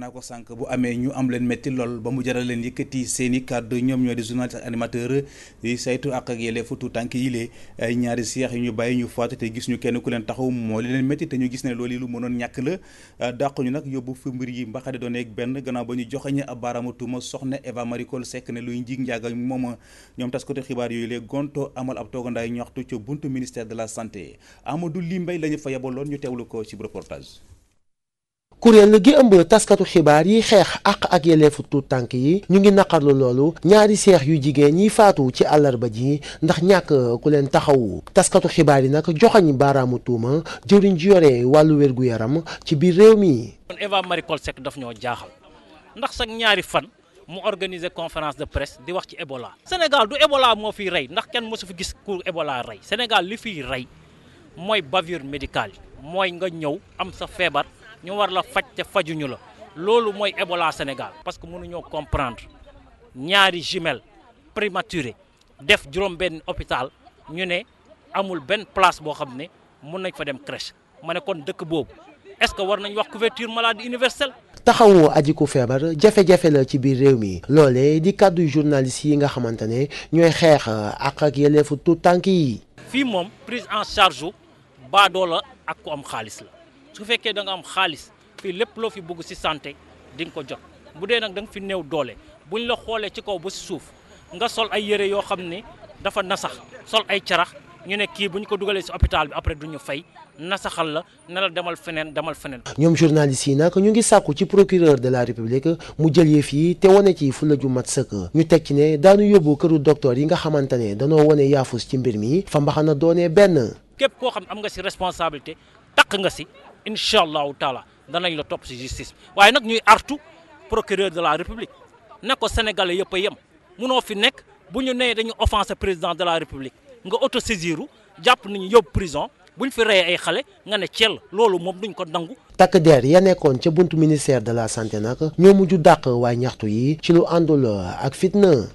naa ko sànq bu amee ñu am leen métti lool ba mu jaral leen yëkkati seen i kàddu ñoom ñoo di journaliste ak animateur di saytu ak ak yelleefu tout tànk yi lee ay ñaari seex yu ñu bàyyi ñu faatu te gis ñu kenn ku leen taxaw moo leen métti te ñu gis ne loolu lu mënoon ñàkk la dàq ñu nag yóbbu fi mbir yi mbaxade doon benn gannaaw ba ñu joxeñe ab baaraamu tuuma soxna Eva Marie Coll Seck ne luy njiig njaaga moom ñoom taskatu xibaar yooyu lee gonto amal ab toogandaay ñaxtu ca buntu ministère de la santé Amadou Li Mbaye la ñu fa yebaloon ñu teewlu ko ci reportage kuréel gi ëmb taskatu xibaar yi xeex àq ak yelleefu tuut tànk yi ñu ngi naqarlu loolu ñaari seex yu jigéen ñi faatu ci àllarba ji ndax ñàkk ku leen taxawu taskatu xibaar yi nag joxañ baaraamu tuuma jëwriñ ji yore wàllu wérgu yaram ci biir réew mi. kon Eva Marie Coll Seck ñoo jaaxal ndax sax ñaari fan mu organiser conférence de presse di wax ci Ebola. Sénégal du Ebola moo fi rey ndax kenn mosu fi gis ku Ebola rey Sénégal li fiy rey mooy bavure médicale mooy nga ñëw am sa feebar. ñu war la faj te fajuñu la loolu mooy Ebola Sénégal parce que mënuñoo comprendre ñaari jumelle prématuré def juróom-benn hôpital ñu ne amul benn place boo xam ne mun nañ fa dem crèche ma ne kon dëkk boobu est-ce que war nañ wax couverture maladie universelle. taxawu aji ku feebar jafe-jafe la ci biir réew mi loole di kàddu journaliste yi nga xamante ne ñooy xeex uh, ak ak yelleefu tout tànk yi. fii moom prise en charge baadoola ak ku am xaalis la. su fekkee da nga am xaalis fii lépp loo fi bëgg si santé di nga ko jot bu dee nag danga fi néew doole bu ñu la xoolee ci kaw ba si suuf nga sol ay yére yoo xam ne dafa nasax sol ay carax ñu ne kii bu ñu ko dugalee si hôpital bi après du ñu fay nasaxal la ne la demal feneen demal feneen. ñoom journaliste yi nag ñu ngi sàkku ci procureur de la république mu jël yëf yi te wane ci fulla ju mat sëkk. ñu teg ci ne daanu yóbbu këru docteur yi nga xamante ne danoo wane yaafus ci mbir mi fa mbaxana doonee benn. képp koo xam am nga si responsabilité takk nga si. incha allahu taala danañ la topp si justice waaye nag ñuy artu procureur de la république ne ko sénégalais yëpp a yem munoo fi nekk bu ñu nee dañu offensé président de la république nga autosaisiru jàpp nañu yóbbu prison buñ fi reyee ay xale nga ne ceel loolu moom duñ ko nangu. takk der ya nekkoon ca buntu ministère de la santé nag ñoo mujj dàq waaye ñaxtu yi ci lu àndul ak fitna.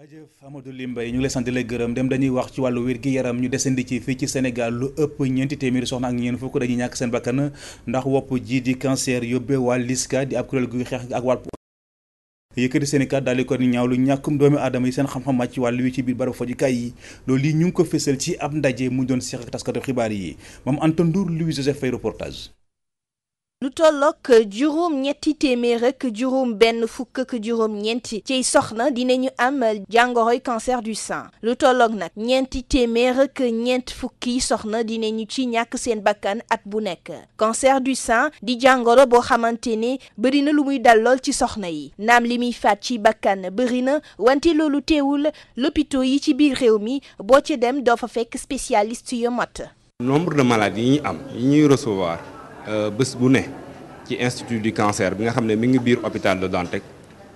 jërëjëf Amadou Ly Mbaye ñu ngi lay sant gërëm dem dañuy wax ci wàllu wér-gi-yaram ñu desandi ci fii ci Sénégal lu ëpp ñeenti téeméeri soxna ak ñeent fukk dañuy ñàkk seen bakkan ndax wopp ji di cancer yóbbe waa LISCA di ab kuréel guy xeex ak wàll yëkkati seen i kat daal di ko ñaaw lu ñàkkum doomi aadama yi seen xam-xam màcc ci wàllu wi ci biir barabu fajukaay yi loolu lii ñu ngi ko fësal ci ab ndaje mu doon seex ak taskatu xibaar yi moom Anton Ndour Louis Joseph lu tollook juróom ñetti téeméer ak juróom benn fukk ak juróom ñeenti ciy soxna dinañu am jàngoroy cancer du sein lu tollook nag ñeenti téeméer ak ñeent fukki soxna dinañu ci ñàkk seen bakkan ak bu nekk cancer du sein di jàngoro boo xamante ne bëri na lu muy dal lool ci soxna yi naam li muy faat ci bakkan bëri na wante loolu teewul lopito yi ci biir réew mi boo ci dem doo fa fekk spécialiste yu mat nombre de maladies yi am ñuy recevoir Euh, bés bu ne ci institut du cancer bi nga xam ne mi ngi biir hôpital de Dantec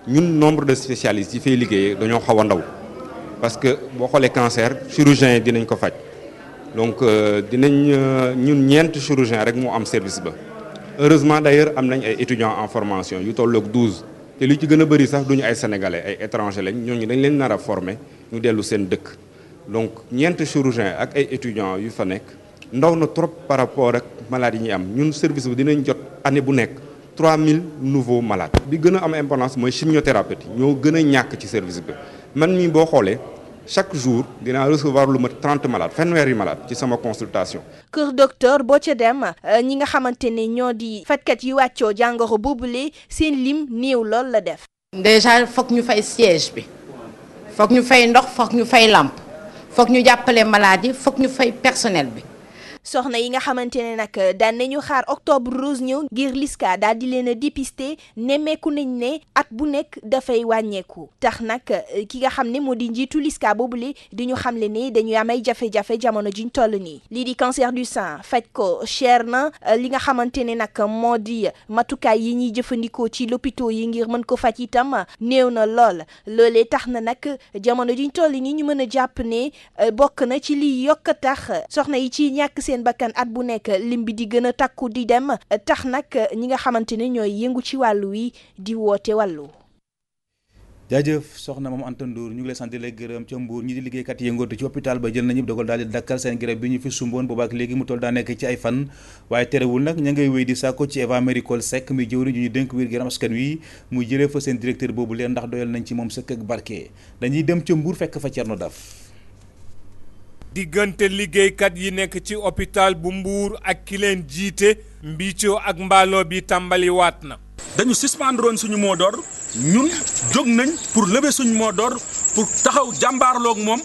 ñun nombre de spécialistes yi fay liggéeyee dañoo xaw ndaw parce que boo xoolee cancer chirurgien yi dinañ ko faj donc euh, dinañ euh, ñun ñeent chirurgien rek moo am service ba heureusement d'ailleurs am nañ ay étudiants en formation yu tolloog douze te li ci gën a bëri sax duñu ay sénégalais ay étranger lañ ñoo ñu dañ leen nar a former ñu dellu seen dëkk donc ñeent chirurgien ak ay étudiants yu fa nekk ndaw na trop par rapport ak malades yi ñuy am ñun service bi dinañ jot année bu nekk mille nouveau malade bi gën a am importance mooy chimiothérapie ñoo gën a ñàkk ci service bi man mii boo xoolee. chaque jour dinaa recevoir lu ma trente malade fanweeri malade ci sama consultation. kër docteur boo ca dem euh, ñi nga xamante ne ñoo di fajkat yi wàccoo jàngoro boobule seen lim néew lool la def. déjà foog ñu fay siège bi foog ñu fay ndox foog ñu fay làmp foog ñu jàppale malade yi foog ñu fay personnel bi. soxna yi nga xamante ne nag eh, daan nañu xaar octobre rose ñëw ngir Lisca daal di leen a dépister nemmeeku nañ ne at bu nekk dafay wàññeeku tax nag eh, ki nga xam ne moo di njiitu Lisca boobule di ñu xamle ne dañuy am ay jafe-jafe jamono toll nii lii di cancer du sein faj ko cher na eh, li nga xamante ne nag moo di matukaay yi ñuy jëfandikoo ci lopito yi ngir mën ko faj itam néew na lool loolee tax na nag jamono juñ toll nii ñu mën a jàpp ne bokk na ci li yokk tax soxna yi ci ñàkk seen seen bakkan at bu nekk lim bi di gën a takku di dem tax nag ñi nga xamante ne ñooy yëngu ci wàllu wi di woote wàllu. jaajëf soxna moom Anta Ndour ñu ngi lay sant di gërëm ca Mbour ñi di liggéeykat yëngootu ci hôpital ba jël nañu dogal daal di dakkal seen grève bi ñu fi sumboon boobaak léegi mu toll daa nekk ci ay fan waaye terewul nag ña ngay wéy di saako ci Eva Marie Coll Seck muy jëwri ñu ñu dénk wér gi askan wi muy jële fa seen directeur boobu leen ndax doyal nañ ci moom sëkk ak barke dañuy dem ca Mbour fekk fa Thierno Daf diggante liggéeykat yi nekk ci hôpital bu Mbuur ak kileen leen jiite mbiicoo ak mbaaloo bi tàmbaliwaat na. dañu suspendre woon suñu mot d'ordre ñun jóg nañ pour lever suñu mot d'ordre pour taxaw jàmbaarlook moom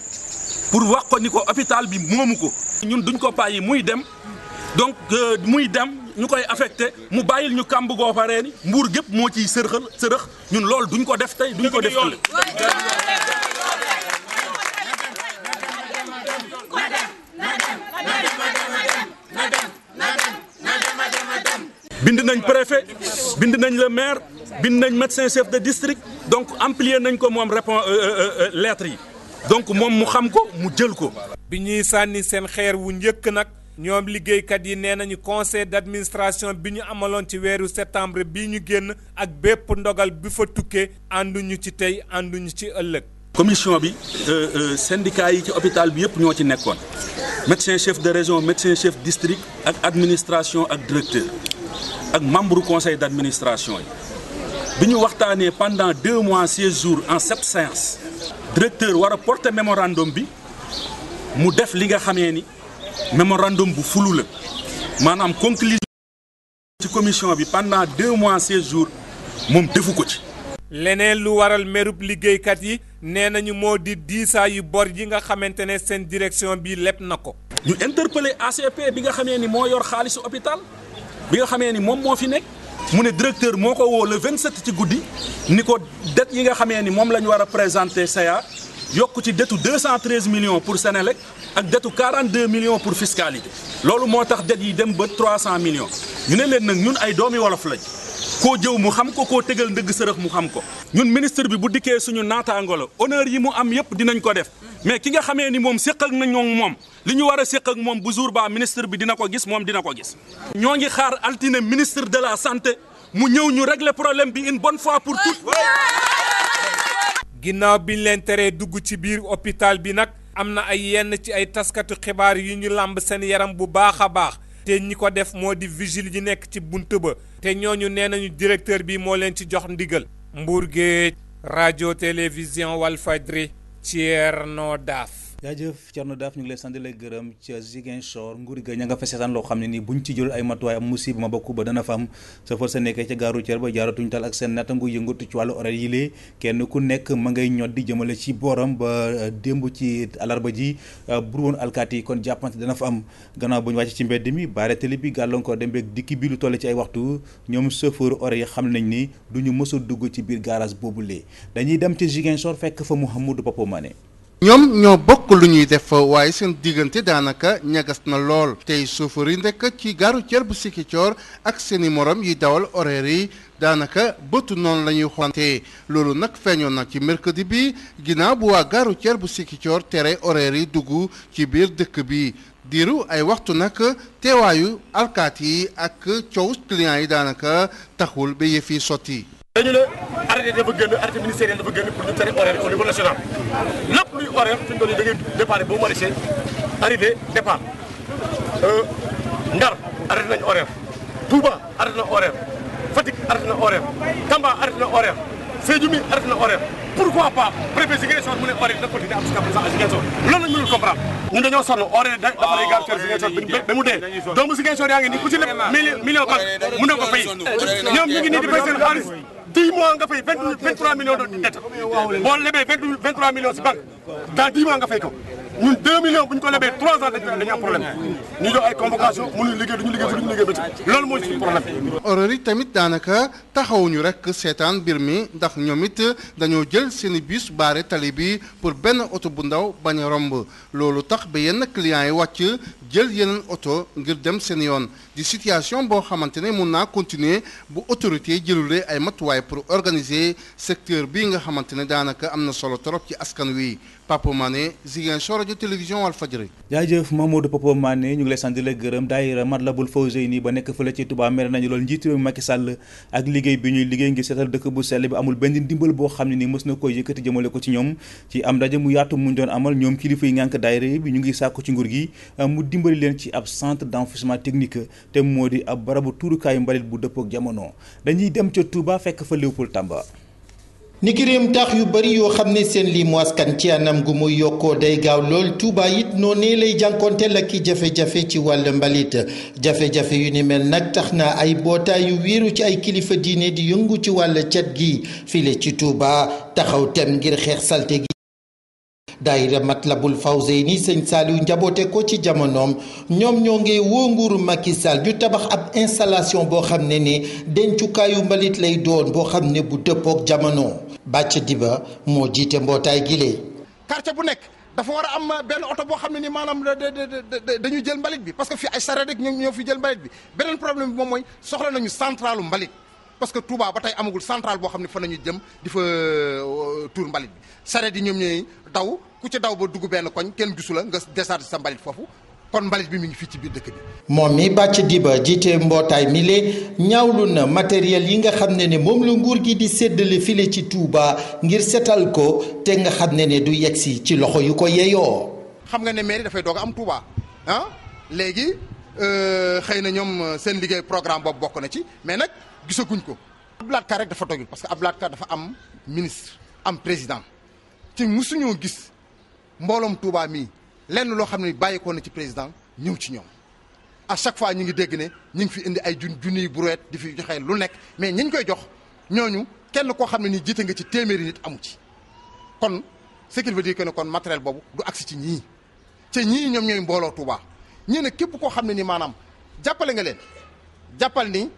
pour wax ko ni ko hôpital bi moomu ko. ñun duñ ko bàyyi muy dem donc euh, muy dem ñu koy affecté mu bàyyil ñu kamb goo pare reeni mbuur gépp moo ciy sërxal sërëx ñun loolu duñ ko def tey duñ ko def bind nañ préfet bind nañ la maire bind nañ médecin chef de district donc amplier nañ ko moom répond euh, euh, euh, lettre yi donc moom mu xam ko mu jël ko. bi ñuy sànni seen xeer wu njëkk nag. ñoom liggéeykat yi nee nañu conseil d'administration bi ñu amaloon ci weeru septembre bi ñu génn ak bépp ndogal bi fa tukkee ànduñu ci tey ànduñu ci ëllëg. commission bi euh, euh, syndicat yi ci hôpital bi yëpp ñoo ci nekkoon médecin chef de région médecin chef district ak administration ak directeur ak membre conseil d' administration yi bi ñu waxtaanee pendant deux mois seize jours en sept séances directeur war a porter mémorandum bi mu def li nga xamee ni mémorandum bu fulu la maanaam conclusion commission bi pendant deux mois seize jours moom defu ko ci leneen lu waral merub liggéeykat yi nee nañu moo di diisaayu bor yi nga xamante ne seen direction bi leb na ko. ñu interpellé ACP bi nga xamee ni moo yor xaalisu hôpital bi nga xamee ni moom moo fi nekk mu ne directeur moo ko woo le 27 ci guddi ni ko dette yi nga xamee ni moom la ñu war a présenté SEA yokk ci dettu 213 millions pour Sénélec ak dettu 42 millions pour fiscalité. loolu moo tax dette yi dem ba 300 millions ñu ne leen nag ñun ay doomi wolof lañ. koo jëw mu xam ko koo tegal ndëgg sërëx mu xam ko ñun ministre bi bu dikkee suñu naataango la honneur yi mu am yëpp dinañ ko def mais ki nga xamee ni moom séq ak nañoo moom li ñu war a séq ak moom bu jour ba ministre bi dina ko gis moom dina ko gis ñoo ngi xaar altine ministre de la santé mu ñëw ñu régler problème bi une bon fois pour toutes ginnaaw biñ leen teree dugg ci biir hôpital bi nag am na ay yenn ci ay taskatu xibaar yu ñu làmb seen yaram bu baax a baax te ñi ko def moo di vigile yi nekk ci bunt ba te ñoo ñu nee nañu directeur bi moo leen ci jox ndigal mbuur géej rajo télévision Walfadjri Thierno Daaf jaajëf Thierno Daaf ñu ngi lay sant gërëm ca Ziguinchor nguur ga ña nga fa seetaan loo xam ne nii buñ ci jël ay matuwaay am musiba ma bokk ba dana fa am sa nekkee ca gaaru Thiel ba jaaratuñ tal ak seen natangu yëngatu ci wàllu horaire yi lee kenn ku nekk ma ngay ñot di jëmale ci booram ba euh, démb ci alarba ji euh, bu woon alkaati kon jàppante dana fa am gannaaw bu ñu wàcc ci mbedd mi baare tali bi gàllankoor dem beeg dikki bi lu toll ci ay waxtu ñoom chauffeur horaire yi xam nañ ni du ñu mës dugg ci biir garage boobu lee dañuy dem ca Ziguinchor fekk fa Mouhamadou Papa Mané ñoom ñoo bokk lu ñuy def waaye seen diggante daanaka ñagas na lool tey suufari ndekk ci gaaru cër bu Sikicoor ak seeni morom yi dawal horaire yi daanaka bëtu noonu la ñuy xoolante loolu nag feeñoon na ci mercredi bi ginnaaw bu waa gaaru cër bu Sikicoor tere horaire yi dugg ci biir dëkk bi diiru ay waxtu nag teewaayu alkaat yi ak coow client yi daanaka taxul ba yëf yi sotti. dañu ne arrêté dafa génn arrêté ministériel dafa génn pour ñu tere horaire au niveau national lépp luy horaire fi mu ba maraîcher arrivé départ euh, Ndar arrêté nañu horaire Touba arrêté na horaire Fatick arrêté na horaire Tamba arrêté na horaire Sédhiou mi arrêté na yaa ngi nii ku ci lépp million par mun na ko fay ñoom ñu nii di fay seen dix mois nga fay vingt trois millions de lebee vingt trois millions si banque dans dix nga fay ko ñun 2 millions bu ñu ko lebee 3 ans dañu dañu am ñu liggéey duñu liggéey duñu tamit daanaka taxawuñu rek seetaan mbir mi ndax ñoom it dañoo jël seen i bus baare tali bi pour benn oto bu ndaw bañ a romb loolu tax ba yenn clients yi wàcc jël yeneen oto ngir dem seen yoon di situation boo xamante ne mun naa continuer bu autorité jëlulee ay matuwaay pour organiser secteur bi nga xamante ne daanaka am na solo trop ci askan wii Papa Mané Ziguinchor rajo télévision Walfadjri. jaajëf Mamadou Papa Mané ñu ngi lay sant di la gërëm daayira Matlabul Fawzayni ba nekk fële ci Touba mer nañu lool njiitu réew mi Macky ak liggéey bi ñuy liggéey ngir seetal dëkk bu sell bi amul benn ndimbal boo xam ne ni mës na koy yëkkati jëmale ko ci ñoom ci am ndaje mu yaatu mu doon amal ñoom kilifa yi ngànk daayira bi ñu ngi sàkku ci nguur gi mu dimbali leen ci ab centre d'enfouissement technique te moo di ab barabu tuurukaayu mbalit bu dëppook jamono dañuy dem ca Touba fekk fa Léopold Tamba niki réem taax yu bari yoo xam ne seen limu askan ci anam gu muy yokkoo day gaaw lool Touba yit noo ne lay jànkonteel ak i jafe-jafe ci wàll mbalit jafe-jafe yu ni mel nag tax na ay mbootaay yu wéeru ci ay kilifa diine di yëngu ci wàll cet gi file ci tuuba taxaw tem ngir xeex salte gi daayira Matlabul Fawzeyni sëñ Saliou njaboote ko ci jamonoom ñoom ñoo ngi woo nguuru Macky Sall ñu tabax ab installation boo xam ne ne dencukaayu mbalit lay doon boo xam ne bu dëppook jamono Bàcc ba moo jiite mbootaay gilee quartier bu nekk dafa war a am benn oto boo xam ne ni maanaam dañu jël mbalit bi parce que fii ay sareet rek ñoo fi jël mbalit bi beneen problème bi moom mooy soxla nañu centralu mbalit parce que Touba ba tey amagul centrale boo xam ne fa nañu jëm di fa euh, tuur mbalit bi sareet yi ñoom ñooy daw ku ci daw ba dugg benn koñ kenn gisu la nga décharge sa mbalit foofu kon mbalit bi mu ngi fii ci biir dëkk bi. moom mi bàcc di ba jiite mbootaay mi le ñaawlu na matériel yi nga xam ne ne moom la nguur gi di séddale file ci Touba ngir setal ko te nga xam ne ne du yegsi ci loxo yu ko yeyoo. xam nga ne mairie dafay doog am Touba ah léegi euh, xëy na ñoom euh, seen liggéey programme boobu bokk na ci mais nag gisaguñ ko. Abdoulaye Ka rek dafa doyul parce que Abdoulaye Ka dafa am ministre am président ci musuñoo gis mbooloom Touba mii. lenn loo xam ne bàyyikoo na ci président ñëw ci ñoom à chaque fois ñu ngi dégg ne ñu ngi fi indi ay jun junniy brouette di fi joxee lu nekk mais ñi koy jox ñooñu kenn koo xam ne nii jiite nga ci téeméeri nit amu ci kon ce qui veut dire ne kon matériel boobu du agsi ci ñii te ñii ñoom ñooy mbooloo Touba ñii ne képp koo xam ne nii maanaam jàppale nga leen jàppal ni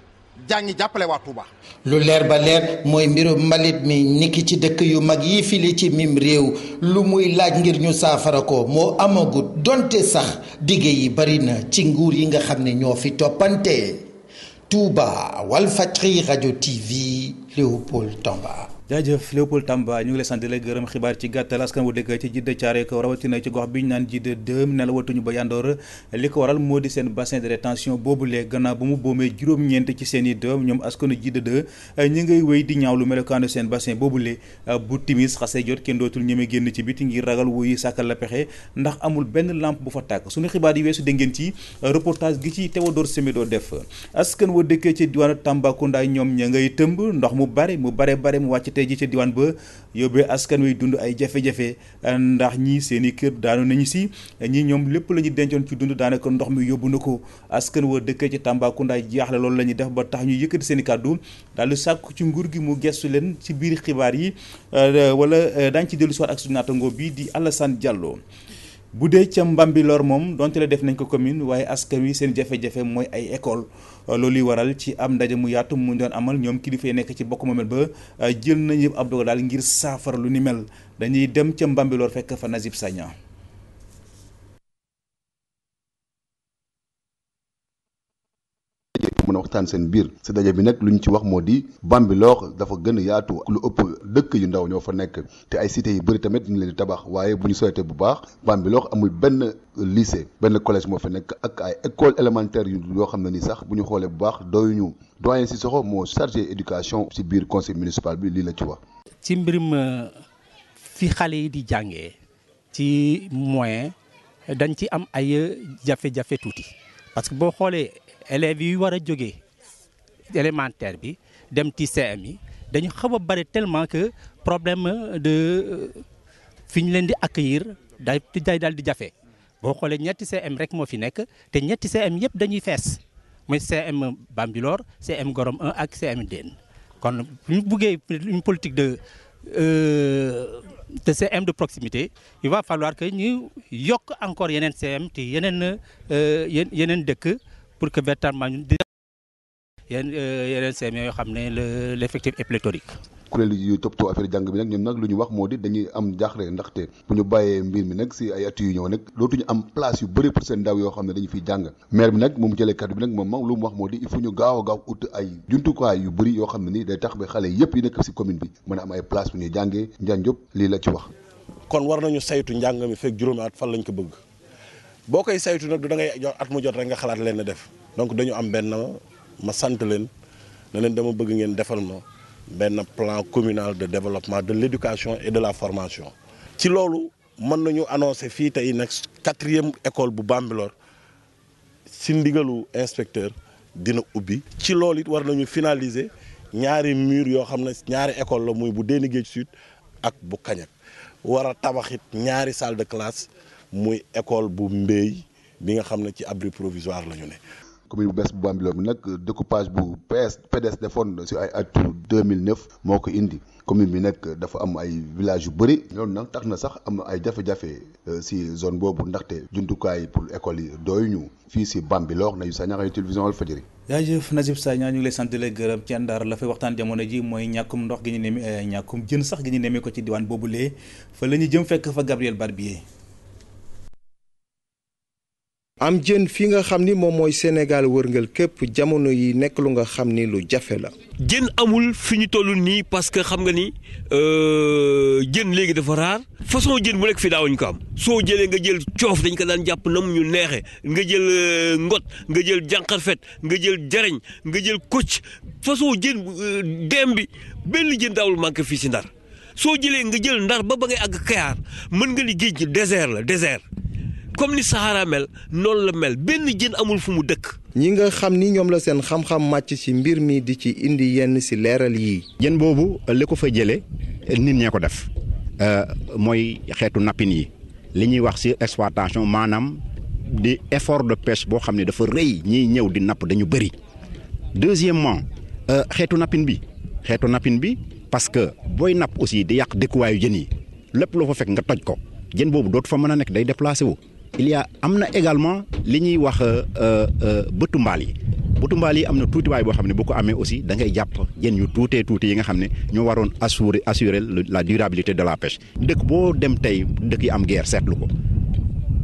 jàngi jàppale waa Touba. lu leer ba leer mooy mbiru mbalit mi niki ci dëkk yu mag yi fili ci mim réew lu muy laaj ngir ñu saafara ko moo amagut donte sax digge yi bari na ci nguur yi nga xam ne ñoo fi toppante Touba Walfadjri rajo TV. Léopold Tamba. jaajëf Léopold Tamba ñu ngi lay sant di la gërëm xibaar ci gàttal askan wu dëkk ci jidda caare ko rawatina ci gox bi naan jidda dëm ne la watuñu ba yandoor li ko waral moo di seen bassin de rétention boobu lee gannaaw ba mu boomee juróom-ñeent ci seeni i doom ñoom askanu jidda dë ñu ngay wéy di ñaaw lu melokaanu seen bassin boobu lee bu timis xasee jot kenn dootul ñeme génn ci biti ngir ragal wuyi sàkkal la pexe ndax amul benn lampe bu fa tàkk suñu xibaar yi weesu dégg ngeen ci reportage gi ci Théodore Semedo def askan wa dëkkee ci diwaanu Tambacounda ñoom ña ngay tëmb ndox mu mu bare mu bare bare mu wàcc tey ji ca diwaan ba yóbbee askan wi dund ay jafe-jafe ndax ñii seeni kër daanu nañu si ñii ñoom lépp la ñu dencoon ci dund daanaka ndox mi yóbbu na ko askan wa dëkkee ci Tambacounda jaaxle loolu la ñuy def ba tax ñu yëkkati seeni kàddu daal sàkku ci nguur gi mu gestu leen ci biir xibaar yi wala dañ ci dellu si ak suñu naataango bii di Alassane Diallo. bu dee ca Mbambilor moom donte la def nañ ko commune waaye askan wi seen jafe-jafe mooy ay école euh, loolu yu waral ci am ndaje mu yaatu mu doon amal ñoom kilifa yi nekk ci bokk moomel ba euh, jël nañu ab dogal daal ngir saafara lu ni mel dañuy dem ca Mbambilor fekk fa Nazib Sagna waxtaan seen biir si daje bi nag lu ñu ci wax moo di Bambilor dafa gën a yaatu lu ëpp dëkk yu ndaw ñoo fa nekk te ay cité yu bëri tamit ñu leen tabax waaye bu ñu soyte bu baax Bambilor amul benn lycée benn collège moo fa nekk ak ay école élémentaire yu yoo xam ne ni sax bu ñu xoolee bu baax doyuñu doyen soxo moo chargé éducation si biir conseil municipal bi lii la ci wax. ci mbirum euh, fi xale yi di jàngee ci moyen dañ ci am ay jafe-jafe tuuti parce que boo xoolee élèves yi war a jógee élémentaire bi dem ci CM yi dañu xaw a bari tellement que problème de euh, fi ñu leen di accueillir day day daal di jafe boo xoolee ñetti CM rek moo fi nekk te ñetti CM yëpp dañuy fees muy CM Bambilor CM Gorom 1 ak CM Dén kon bu ñu buggee une politique de euh, de CM de proximité il va falloir que ñu yokk encore yeneen CM te yeneen euh, yeneen dëkk. pour que véritablement ñun dina yenn euh, yeneen CME yoo xam ne l' effectif est pléthorique. kuréel yu toppatoo affaire jàng bi nag ñoom nag lu ñu wax moo di dañuy am jaaxle ndaxte bu ñu bàyyee mbir mi nag si ay at yu ñëw nag dootuñu am place yu bëri pour seen ndaw yoo xam ne dañu fiy jàng maire bi nag moom jëlee kàddu bi nag moom moom lu mu wax moo di il faut ñu gaaw a gaaw ut ay jumtukaay yu bëri yoo xam ne nii day tax ba xale yëpp yi nekk si commune bi mën a am ay place bu ñuy jàngee Ndiagne Diop lii la ci wax. kon war nañu saytu njàng mi fekk juróomi at fan lañ ko bëgg boo koy saytu nag du da ngay at mu jot rek nga xalaat leen na def donc dañu am benn ma sant leen ne leen dama bëgg ngeen defal ma benn plan communal de développement de l'éducation et de la formation ci loolu mën nañu annoncé fii tey nag quatrième école bu Bambilor si ndigalu inspecteur dina ubbi ci loolu it war nañu finaliser ñaari mur yoo xam ne ñaari école la muy bu Déni Géej Sud ak bu Kañak war a tabaxit ñaari salle de classe muy école bu mbéy bi nga xam ne ci abri provisoire la ñu ne. commune bu bees bu Bambilor bi nag découpage bu PS PDS defoon si ay atu 2009 moo ko indi commune bi nag dafa am ay villages yu bëri loolu nag tax na sax am ay jafe-jafe si euh, zone boobu ndaxte jumtukaay pour école yi dooyu ñu fii si Bambilor na yu sa ñaxay télévision Walfadjri jaajëf Najib Sagna ñu ngi lay sant di gërëm ci àndaar la fay waxtaan jamono ji mooy ñàkkum ndox gi ñu nemi euh, ñàkkum jën sax gi ñu nemi ko ci diwaan boobu lee fa la ñu jëm fekk fa Gabriel Barbier am jën fii nga xam ni moom mooy Sénégal wërngal képp jamono yi nekk lu nga xam ni lu jafe la. jën amul fi ñu toll nii parce que xam nga ni jën euh, léegi dafa raar façon jën bu nekk fi daawuñ ko am soo jëlee nga jël coof dañ ko daan jàpp nam ñu neexe nga jël euh, ngot nga jël jànqarfet nga jël jareñ nga jël koc façon jën euh, dem bi benn jën daawul manqué fii si ndar soo jëlee nga jël ndar ba ba ngay àgg kayaar mën nga ni géej gi la désert comme ni Sahara mel noonu la mel benn jën amul fu mu dëkk. ñi nga xam ni ñoom la seen xam-xam màcc ci mbir mi di ci indi yenn ci leeral yi jën boobu li ko fa jëlee nit ñee ko def euh, mooy xeetu nappin yi li ñuy wax ci exploitation maanaam di effort de pêche boo xam ne dafa rëy ñiy ñëw di napp dañu bëri. deuxièmement euh, xeetu nappin bi xeetu nappin bi parce que booy napp aussi di yàq dëkkuwaayu jën yi lépp loo fa fekk nga toj ko jën boobu dootu fa mën a nekk day déplacé wu. il am na également li ñuy wax euh, euh, bëtu mbaal yi bëtu mbaal yi am na tuuti waay boo xam ne bu ko amee aussi da ngay jàpp jën yu tuutee tuuti yi nga xam ne ñoo waroon assurer assurer la durabilité de la pêche dëkk boo dem tey dëkk yi am guerre seetlu ko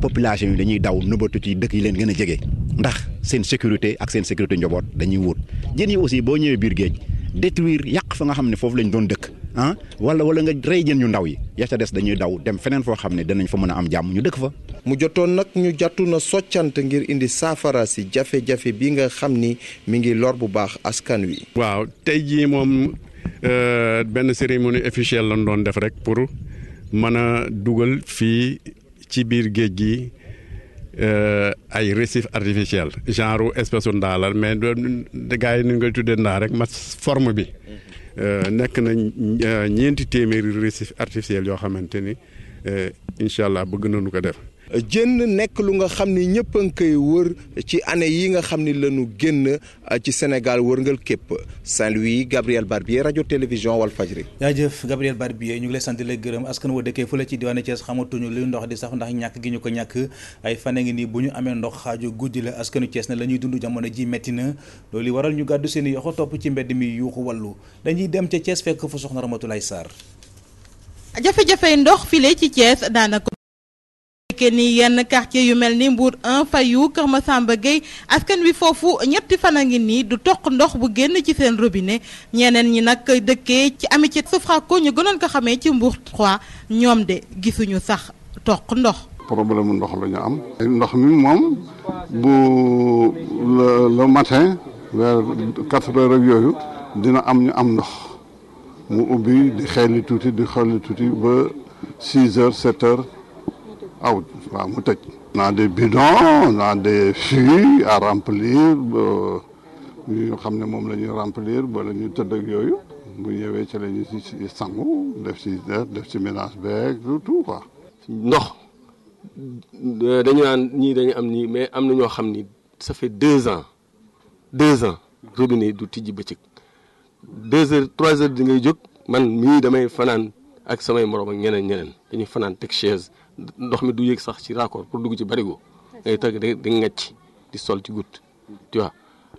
population yi dañuy daw nëbbatu ci dëkk yi leen gën a jege ndax seen sécurité ak seen sécurité njoboot dañuy wóot jën yi aussi boo ñëwee biir géej détruire yàq fa nga xam ne foofu lañ doon dëkk ah wala wala nga rey jën ñu ndaw yi ya ca des dañuy daw dem feneen foo xam ne danañ fa mën a am jàmm ñu dëkk fa. mu jotoon nag ñu jàttu na soccante ngir indi saafara si jafe-jafe bi nga xam ni mi ngi lor bu baax askan wi. waaw tey jii moom euh, benn cérémonie officielle lañ doon def rek pour mën a dugal fii ci biir géej gi. Euh, ay récif artificiel genre espèce u ndaa la mais doo yi ni nga koy tuddee ndaa rek ma forme bi mm-hmm. Euh, nekk na ñeenti téeméeri récif artificiel yoo xamante ni euh, incha allah bëgg nañu ko def. jën nekk lu nga xam ni ñëpp a ngi koy wër ci année yi nga xam ni lañu génn euh, ci Sénégal wërngal képp Saint-Louis Gabriel Barbier rajo télévision Walfadjri. jaajëf Gabriel Barbier ñu ngi lay sant lay gërëm askan wa dëkkee fële ci diwaanu Thiès xamatuñu luy ndox di sax ndax ñàkk gi ñu ko ñàkk ay fan ngi nii bu ñu amee ndox xaaju guddi la askanu cees na la ñuy dund jamono ji metti na loolu waral ñu gàddu seen i yoxo topp ci mbedd mi yuuxu wàllu dañuy dem ca Thiès fekk fa soxna Ramatoulaye Sarr jafe-jafey fekkee ni yenn quartier yu mel ni Mbour 1 Fayu Kër Masamba Gueye askan wi foofu ñetti fan a ngi nii du toq ndox bu génn ci seen robine ñeneen ñi nag dëkke ci amitié Sofraco ñu gënoon ko xamee ci Mbour 3 ñoom de gisuñu sax toq ndox. problème ndox lañu ñu am. ndox mi moom bu le matin vers yooyu dina am ñu am ndox mu ubbi di xeeli tuuti di xeeli tuuti ba six heures sept heures. awut ah, waaw mu tëj on a des bidons on a des fûts à remplir ba ñu xam ne moom la ñuy remplir ba la ñuy tëdd yooyu bu ñëwee ci la ñu si sangu def si def si ménage beeg tout ndox dañu naan ñii dañu am nii mais am na ñoo xam ni ça fait deux ans deux ans robinet du tijji bëccëg deux heures trois heures di ngay jóg man mii damay fanaan ak samay morom ak ñeneen ñeneen dañu fanaan teg chaise ndox mi du yéeg sax ci raccord pour dugg ci barigo ngay tëgg di di ngacc di sol ci goutte tu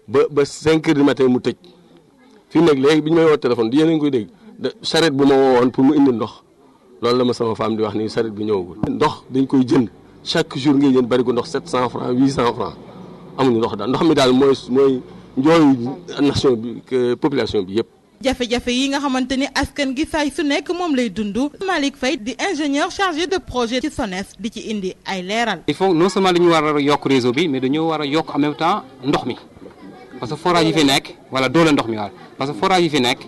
ba ba cinq heures matin mu tëj fii nag léegi bi ñu may woo téléphone di yéen a koy dégg da bu ma woowoon pour mu indi ndox loolu la ma sama femme di wax ni charrette bi ñëwagul. ndox dañ koy jënd chaque jour ngay jënd barigo ndox sept cent franc huit cent franc amuñu ndox daal ndox mi daal mooy mooy njooyu nation bi population bi yëpp. jafe-jafe yi nga xamante ni askan gi saay su nekk moom lay dund Malick Faye di ingénieur chargé de projet ci SONES di ci indi ay leeral. il faut non seulement dañu war a yokk réseau bi mais dañoo war a yokk en même temps ndox mi parce que forage yi fi nekk wala doole ndox mi waaw parce que forage yi fi nekk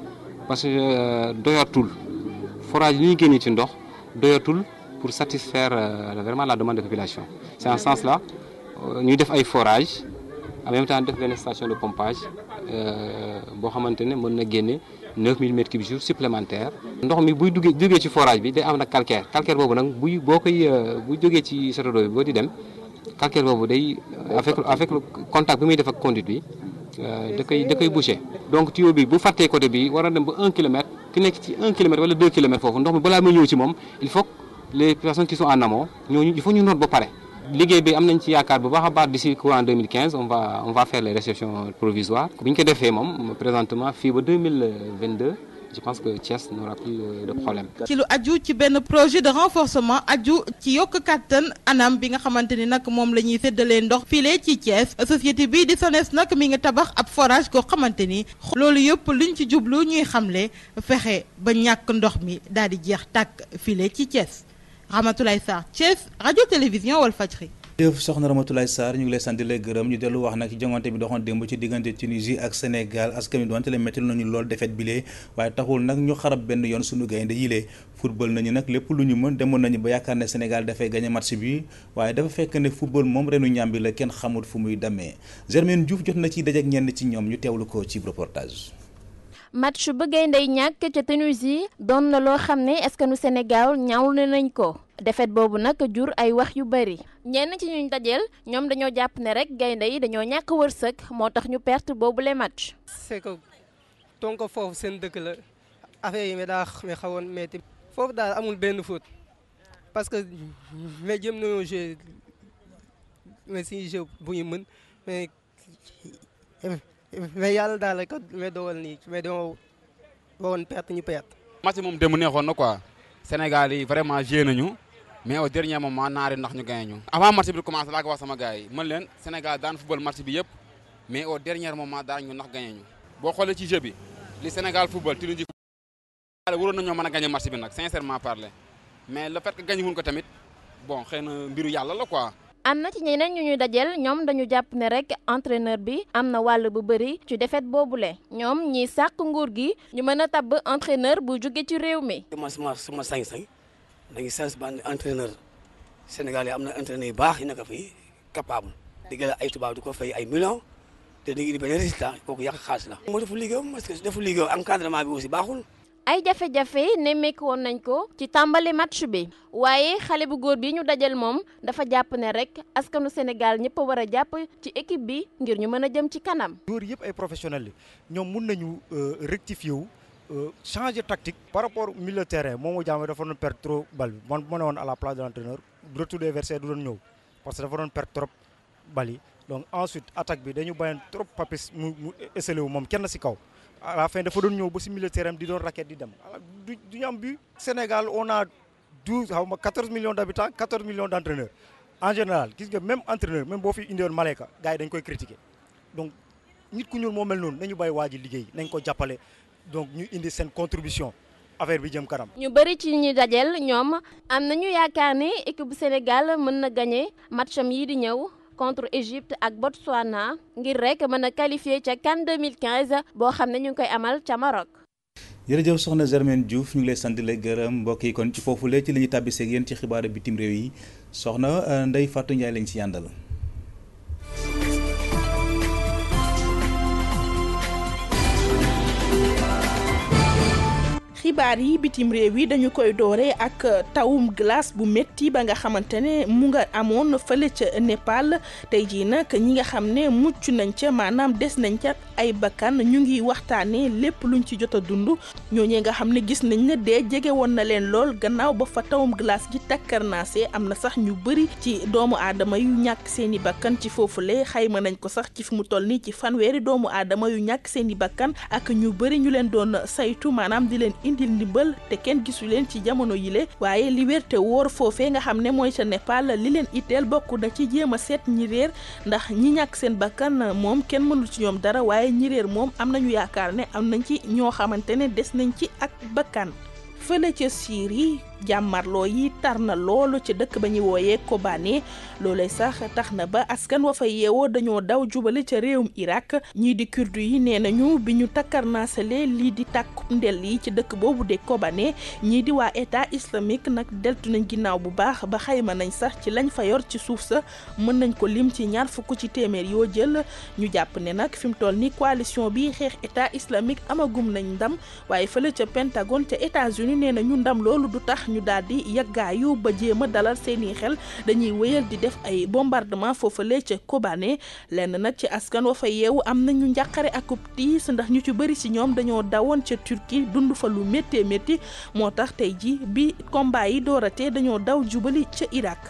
parce que euh, doyatul forage yi ñuy génnee ci ndox doyatul pour satisfaire euh, vraiment la demande de population c'est en ce sens là euh, ñuy def ay forage en même temps def benn de pompage. Euh, boo xamante ne mën na génne 9000 mètres cubes jour supplémentaire ndox mi buy duggee jógee ci forage bi day am na calcaire calcaire boobu nag buy boo koy euh, bu jógee ci château d'eau bi boo di dem calcaire boobu day avec avec contact bi muy def ak conduite bi euh, da koy da koy boucher donc tuyau bi bu fàttee côté bi war a dem ba 1 kilomètre ki nekk ci 1 kilomètre wala 2 kilomètres foofu ndox mi balaa muy ñëw ci moom il faut les personnes qui sont en amont ñooñu ñu noot ba pare liggéey bi am nañ ci yaakaar bu baax a baax d'ici courant 2015 on va on va faire les réceptions provisoires bu ñu ko defee moom présentement fii ba 2022 je pense que Thiès n'aura plus de problème. ci lu ci benn projet de renforcement aju ci yokk kàttan anam bi nga xamante ni nag moom la ñuy séddalee ndox file ci Thiès société bii di SONES nag mi nga tabax ab forage koo xamante ni loolu yëpp luñ ci jublu ñuy xamle fexe ba ñàkk ndox mi daal di jeex tàkk file ci Thiès. Ramatoulaye Sarr Thiès radio télévision Walfadjri jërëjëf soxna Ramatoulaye Sarr ñu ngi lay sant di lay gërëm ñu dellu wax nag ci jongante bi doxoon démb ci diggante Tunisie ak Sénégal askan wi doonte la métti nañu lool défaite bi lee waaye taxul nag ñu xarab benn yoon suñu gaynde yi lee football nañu nag lépp lu ñu mën demoon nañu ba yaakaar ne Sénégal dafay gagné match bi waaye dafa fekk ne football moom renu ñàmbi la kenn xamul fu muy demee Germaine Diouf jot na ci dajeek ñenn ci ñoom ñu teewlu ko ci reportage match bu gaynde yi ñàkk ca yi doon na loo xam ne askanu Sénégal ñaawlu nañ ko defet boobu nag jur ay wax yu bari. ñenn ci ñuñ dajeel ñoom dañoo jàpp ne rek gaynde yi dañoo ñàkk wërsëg moo tax ñu perte boobu le match. c'est ko tonko foofu seen dëkk la affaire yi mi daa xawoon metti foofu daal amul benn faute parce que mais jëm nañoo jouer mais suñu bu ñu mën mais. mais yàlla daal rek may dogal nii mais dama woon perte ñu perte. match moom démb neexoon na quoi Sénégal yi vraiment joué nañu mais au dernier moment naari ndax ñu gagné ñu. avant match bi commencé laa ko wax sama gars yi man leen Sénégal daan football match bi yëpp mais au dernier moment daan ñu nax gagné ñu. boo xoolee ci jeu bi li Sénégal football Tunisie. Sénégal waroon nañoo mën a gagné bi nag sincèrement parler mais le fait que gagné wuñ ko tamit bon xëy na mbiru yàlla la quoi. am na ci ñeneen ñu ñu dajeel ñoom dañu jàpp ne rek entraîneur bi am na wàll bu bëri ci defeet boobu boobule ñoom ñiy sàkk nguur gi ñu mën a tabb entraîneur bu jógee ci réew mi. man sama sama sañ-sañ dañuy sens ban entraîneur Sénégal yi am na entraîneur yu baax yi nekk fii capable di gën ay tubaab di ko fay ay million te di indi benn résultat kooku yàq xaalis la. moo deful liggéeyam parce que deful liggéeyam encadrement bi aussi baaxul. ay jafe-jafe nemmeeku woon nañ ko ci tàmbali match bi waaye xale bu góor bi ñu dajal moom dafa jàpp ne rek askanu Sénégal ñëpp a war a jàpp ci équipe bi ngir ñu mën a jëm ci kanam. joueurs yëpp ay professionnels ñoom mun nañu euh, rectifier wu euh, changer tactique. par rapport au milieu terrain Momo Diamé dafa doon perdre trop bal bi man bu ne woon à la place de l'entraîneur retour des versets du doon ñëw parce que dafa doon perdre trop bal yi donc ensuite attaque bi dañu bàyyoon trop Papis mu wu moom kenn si kaw. à la fin dafa doon ñëw ba si milieu terrain di doon raquette di dem du du ñu Sénégal on a douze xaw ma quatorze millions d' habitants quatorze millions d' en général gis nga même entraîneur même boo fi indiwoon Maleka gars yi dañ koy critiquer donc nit ku ñuul moo mel noonu nañu bàyyi waa ji liggéey nañ ko jàppale donc ñu indi seen contribution affaire bi jëm kanam. ñu bëri ci ñi dajel ñoom am ñu yaakaar ni équipe bu Sénégal mën na gagné matcham yi di ñëw. contre Égypte ak Botswana ngir rek mën a qualifier ca CAN 2015 boo xam ne ñu ngi koy amal ca Maroc. jërëjëf soxna Germaine Diouf ñu ngi lay sant gërëm mbokk yi kon ci foofu la ci la ñuy tàbbiseeg ci xibaaru bitim réew yi soxna euh, ndey Fatou Ndiaye lañ ci yàndal. xibaar yi bitim réew yi dañu koy doore ak tawum glace bu métti ba nga xamante ne mu nga amoon fële ca Népal tey jii nag ñi nga xam ne mucc nañ ca maanaam des nañ ca ay bakkan ñu ngi waxtaanee lépp lu luñ ci jot a dund ñooñee nga xam ne gis nañ ne dee jege woon na leen lool gannaaw ba fa tawum glace gi takkarnaase am na sax ñu bëri ci doomu aadama yu ñàkk seeni bakkan ci foofu foofule xayma nañ ko sax ci fi mu toll nii ci fanweeri doomu aadama yu ñàkk seen i bakkan ak ñu bëri ñu leen doon saytu maanaam di leen indil ndimbal te kenn gisu leen ci jamono yile waaye li wér te foofee nga xam ne mooy ca Népal li leen itteel bokk na ci jéem a seet ñi réer ndax ñi ñàkk seen bakkan moom kenn mënul ci ñoom dara waaye ñi moom am nañu yaakaar ne am nañ ci ñoo xamante ne des nañ ci ak bakkan fële ca yi jàmmarloo yi tar na loolu ci dëkk ba ñu wooyee Kobane loolay sax tax na ba askan wa fa yeewoo dañoo daw jubale ca réewum Irak ñii di kurdu yi nee ñu bi ñu takkarnaasalee lii di tàkku ndel yi ci dëkk boobu de Kobane ñii di waa état islamique nag deltu nañ ginnaaw bu baax ba xayma nañ sax ci lañ fa yor ci suuf sa mën nañ ko lim ci ñaar fukk ci téeméer yoo jël ñu jàpp ne nag fi mu toll ni coalition bi xeex état islamique amagum nañ ndam waaye fële ñu daal di yàggaayu ba jéem a dalal seeni xel dañuy wéyal di def ay bombardement foofale ca Kobane lenn nag ci askan wa fa yeewu am ñu njàqare ak tiis ndax ñu ci bëri si ñoom dañoo dawoon ca turki dundu fa lu méttee métti moo tax tey ji bi combat yi dooratee dañoo daw jubali ca Irak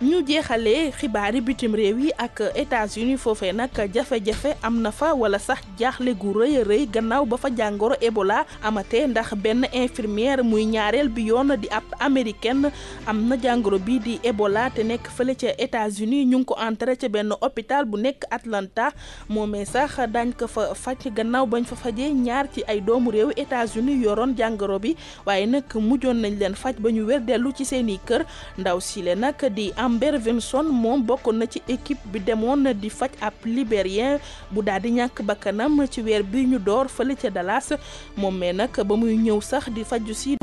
ñu jeexalee xibaari bitim réew yi ak États-Unis foofee nag jafe-jafe am na fa wala sax jaaxle gu rëy rëy gannaaw ba fa jàngoro Ebola amate ndax benn infirmière muy ñaareel bi yoon di ab américaine am na jàngoro bi di Ebola te nekk fële ca États-Unis ñu ngi ko entré ca benn hôpital bu nekk Atlanta moomee sax daañ ko fa faj gannaaw bañ fa fajee ñaar ci ay doomu réew États-Unis yoroon jàngoro bi waaye nag mujjoon nañ leen faj ba ñu wér dellu ci seeni kër ndaw si Amber Vinson moom bokkoon na ci équipe bi demoon di faj ab libérien bu daal di ñàkk bakkanam ci weer bi ñu door fële ca Dallas moom mee nag ba muy ñëw sax di faju si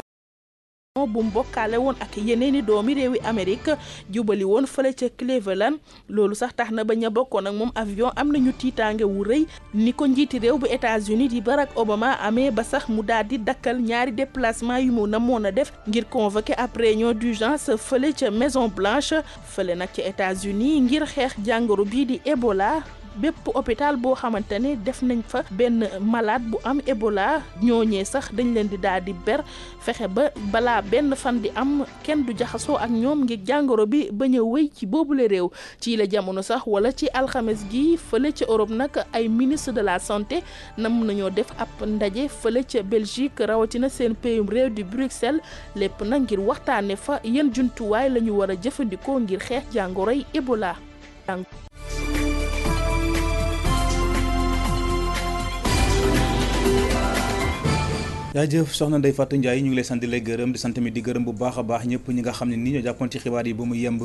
ginnaaw bu mbokkaale woon ak yeneeni doomi réewi Amérique jubali woon fële ca Cleveland loolu sax tax na ba a bokkoon ak moom avion am nañu tiitaange wu rëy ni ko njiiti réew bu États-Unis di Barack Obama amee ba sax mu daal di dakkal ñaari déplacement yu mu namoon a def ngir convoqué ab réunion d'urgence fële ca Maison Blanche fële nag ca États-Unis ngir xeex jàngoro bii di Ebola bépp hôpital boo xamante ne def nañ fa benn malade bu am Ebola ñooñee sax dañ leen di daal di ber fexe ba balaa benn fan di am kenn du jaxasoo ak ñoom ngir jàngoro bi ba a wéy ci boobule réew ci la jamono sax wala ci alxames ji fële ca Europe nag ay ministre de la santé nam nañoo def ab ndaje fële ca Belgique rawatina seen payum réew di Bruxelles lépp nag ngir waxtaane fa yan jumtuwaay la ñu war a jëfandikoo ngir xeex jàngoroy Ebola. jaajëf soxna Ndeye Fatou yi ñu ngi lay sant di lay gërëm di di gërëm bu baax a baax ñëpp ñi nga xam ne nii ñoo jàppoon ci xibaar yi ba mu yemb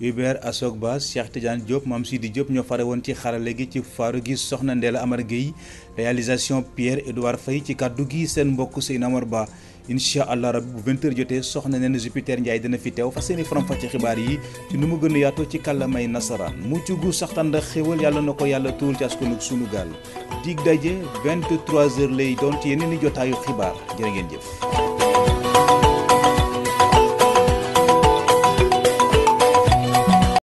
Hubert Asog Ba Cheikh Tidiane Diop Mame Sidi Diop ñoo fare woon ci xarale gi ci faaru gi soxna Ndella Amar Gueye réalisation Pierre Edouard fay ci kàddu gi seen mbokk Seydina Omar Ba incha allah rabi bu 20h jotee soxna neen Jupiter Ndiaye dina fi teew fas yéene faram-fàcce xibaar yi ci nu mu gën a yaatoo ci kàllamay nasaraan mucc gu saxtaan ndax xéwal yàlla na ko yàlla tuul ci askan ak sunu gaal dig daje 23h lay doon ci yeneen i jotaayu xibaar jërë ngeen jëf.